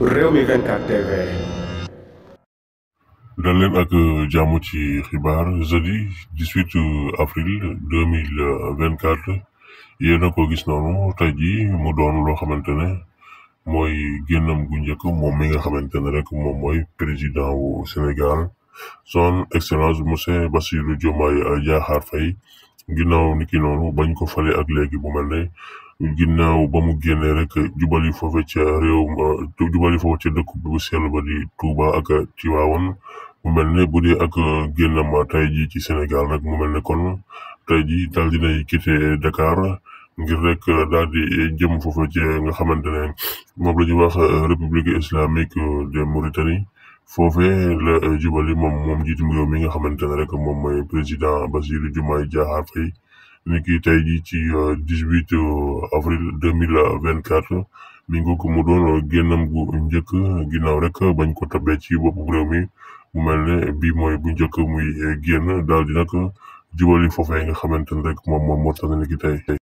Rewmi 24 TV. dal ak euh, jàmm ci xibaar jeudi 18 euh, avril 2024 a ko gis noonu tey jii mu doon loo xamante ne mooy génnam gu njëkk moom mi nga xamante ne rek moom mooy président wu Sénégal son excellence monsieur Bassirou Diomaye Diakhar Faye ginnaaw ni ki noonu bañ ko fale ak léegi bu mel ne ginnaaw ba mu génnee rek jubali foofe ca réew euh, jubali foofe ca dëkk bu sell ba di Touba ak Tiwaawan mu mel ne bu dee ak génnam tey ji ci Sénégal nag mu mel kon tey ji daal dinay quitté Dakar ngir rek daal di jëm foofe ca nga xamante ne moom la ñuy wax euh, république islamique de Mauritanie foofee la euh, jubali moom moom njiitum réew mi nga xamante ne rek moom mooy président Bassirou Diomaye Diakhar Faye ni ki tey ji ci euh, dis huit euh, avril deux mille vingt-quatre mi ngi ko mu doon génnam gu njëkk ginnaaw rek bañ ko tabee ci boppu réew mi mu mel bii mooy bu njëkk muy génn daal di nag jubali foofee nga xamante ne rek moom moom moo tax